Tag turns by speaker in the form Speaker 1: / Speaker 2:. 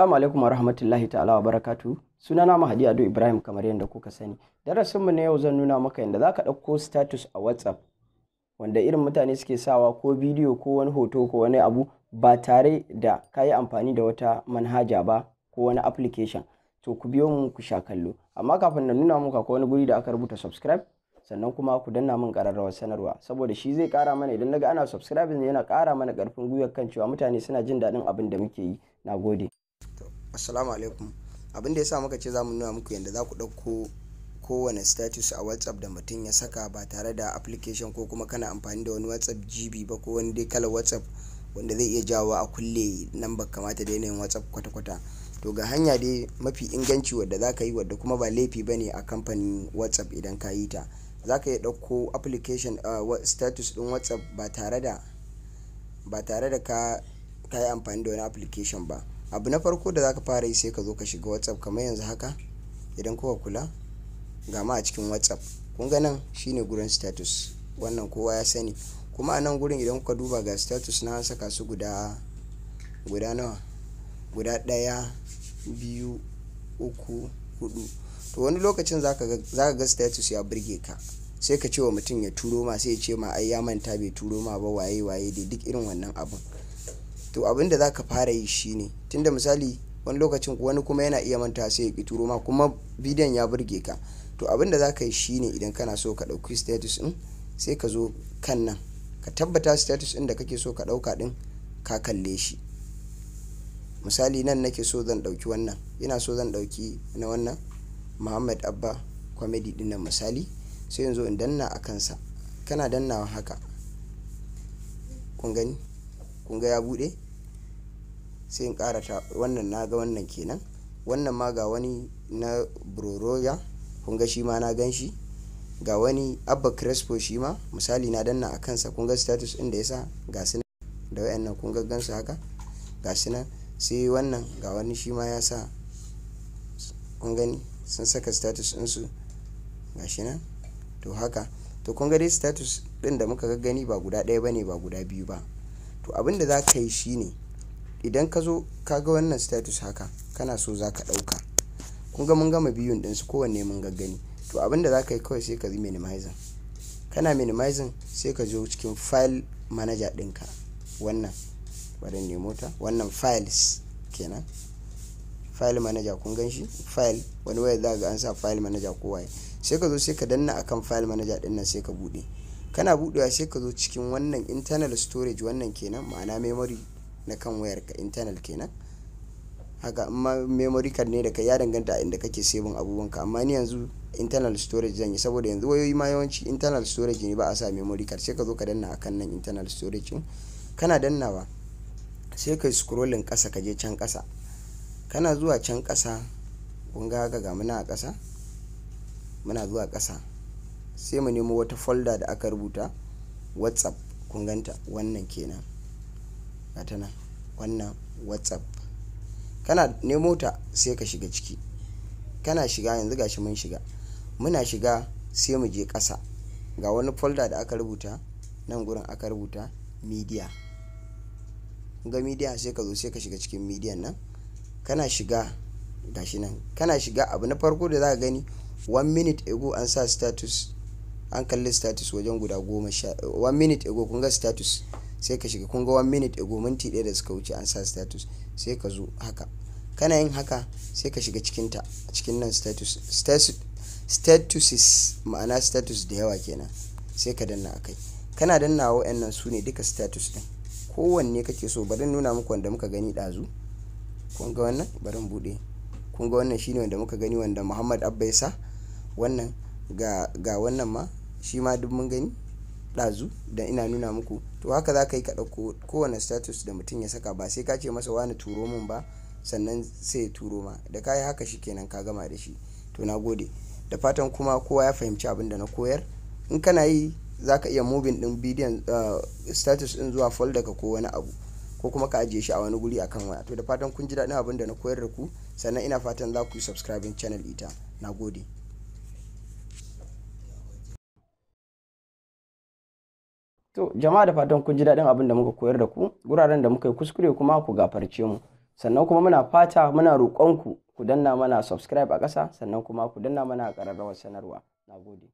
Speaker 1: Assalamu alaikum warahmatullahi ta'ala wa barakatu. suna Sunana Mahadi Ado Ibrahim kamar yadda kuka sani. Darasin mu na yau zan nuna maka yadda zaka ɗauko status a WhatsApp wanda irin mutane suke sawa ko bidiyo ko wani hoto ko wani abu ba tare da ka amfani da wata manhaja ba ko wani application. To ku biyo mu ku sha kallo. Amma kafin na nuna muka ko wani guri da aka rubuta subscribe sannan kuma ku danna min ƙararrawar sanarwa saboda shi zai ƙara mana idan naga ana subscribing yana ƙara mana ƙarfin gwiwar kan cewa mutane suna jin daɗin abin da muke yi. Nagode. assalamu alaikum abin da ya sa muka ce za mu nuna muku yadda za ku
Speaker 2: ɗauko kowane status a whatsapp da mutum ya saka ba tare da application ko kuma kana amfani da wani whatsapp gb ba ko wani dai kalar whatsapp wanda zai iya jawo a kulle namba kamata da yanayin whatsapp kwata-kwata to ga hanya dai mafi inganci wadda za ka yi wadda kuma ba laifi ba ne a kamfanin whatsapp idan ka yi ta za ka iya ɗauko application ah, status ɗin whatsapp ba tare ba tare da ka yi amfani da wani application ba abu na farko da zaka fara yi sai ka zo ka shiga whatsapp kamar yanzu haka idan kuka kula ga ma a cikin whatsapp kun ga nan shine gurin status wannan kowa ya sani kuma a nan gurin idan kuka duba ga status na saka su guda guda nawa guda ɗaya biyu uku hudu to wani lokacin zaka ga status ya birge ka sai ka ce wa mutum ya turo ma sai ya ce ma ai ya manta bai turo ma ba waye waye dai duk irin wannan abun to abin da za fara yi shine tunda misali wani lokacin wani kuma yana iya manta sai ya ki ma kuma bidiyon ya burge ka to abin da zaka yi shine idan kana so ka dauki status din sai ka zo kan nan ka tabbata status din da kake so ka dauka din ka kalle shi misali nan nake so zan dauki wannan ina so zan dauki na wannan muhammad abba comedy din nan misali sai yanzu in danna a kansa kana dannawa haka kun gani kun ga ya bude sai in ƙara ta wannan na ga wannan kenan wannan ma ga wani na broroya kun ga shi ma na gan shi ga wani abba crespo shi ma misali na danna a kansa kun ga status inda ya sa ga su da wayannan kun ga gansu haka ga su nan sai wannan ga wani shi ma ya sa kun gani sun saka status ɗinsu ga shi nan to haka to kun ga dai status din da muka gani ba guda ɗaya bane ba guda biyu ba to abin da za ka yi shine idan ka zo ka ga wannan status haka kana so za ka ɗauka kun ga mun gama biyun ɗinsu kowanne mun gaggani to abin da za ka yi kawai sai ka yi minimizing kana minimizing sai ka zo cikin file manager ɗinka wannan bari ne mota wannan files kenan file manager kun gan shi file wani waya za ga an sa file manager kowaye sai ka zo sai ka danna akan file manager ɗin nan sai ka buɗe kana buɗewa sai ka zo cikin wannan internal storage wannan kenan ma'ana memory na kan wayarka internal kenan haka amma memory card ne da ka ya danganta inda kake saving abubuwanka amma ni yanzu internal storage zan yi saboda yanzu wayoyi ma yawanci internal storage ne ba a sa memory card sai ka zo ka danna akan nan internal storage kana dannawa sai ka scrolling ƙasa ka je can ƙasa kana zuwa can ƙasa kun ga haka ga muna a ƙasa muna zuwa ƙasa sai mu nemo wata folder da aka rubuta whatsapp kun ganta wannan kenan gata nan wannan whatsapp kana nemo ta sai ka shiga ciki kana shiga yanzu gashi mun shiga muna shiga sai mu je ƙasa ga wani folder da aka rubuta nan gurin aka rubuta media ga media sai ka zo sai ka shiga cikin media nan kana shiga gashi nan kana shiga abu na farko da za ka gani one minute ago an sa status an kalli status wajen guda goma sha one minute ago kun ga status sai ka shiga kun ga one minute ago minti ɗaya da suka wuce an sa status sai ka zo haka kana yin haka sai ka shiga cikin ta cikin nan status statuses ma'ana status da yawa kenan sai ka danna akai kana danna wa'annan su ne duka status din kowanne kake so bari nuna muku wanda muka gani ɗazu kun ga wannan bari buɗe kun ga wannan shine wanda muka gani wanda muhammad abba ya sa wannan ga, ga wannan ma shi ma duk mun gani ɗazu da ina nuna muku to haka za ka yi ka ɗauko kowane status da mutum ya saka ba sai ka ce masa wani turo mun ba sannan sai ya turo ma da ka yi haka shi kenan ka gama da shi to na gode da fatan kuma kowa ya fahimci abin da na koyar in kana yi za ka iya mobin ɗin bidiyon eh, status ɗin zuwa folder ka ko wani abu ko kuma ka ajiye shi a wani guri akan waya to da fatan kun ji daɗin abin da na koyar da ku sannan ina fatan za ku yi subscribing channel ita na gode
Speaker 1: To jama'a da fatan kun ji daɗin abin da muka koyar da ku guraren da muka yi kuskure kuma ku gafarce mu sannan kuma muna fata muna roƙonku ku danna mana subscribe a ƙasa sannan kuma ku danna mana ƙararrawar sanarwa. Na gode.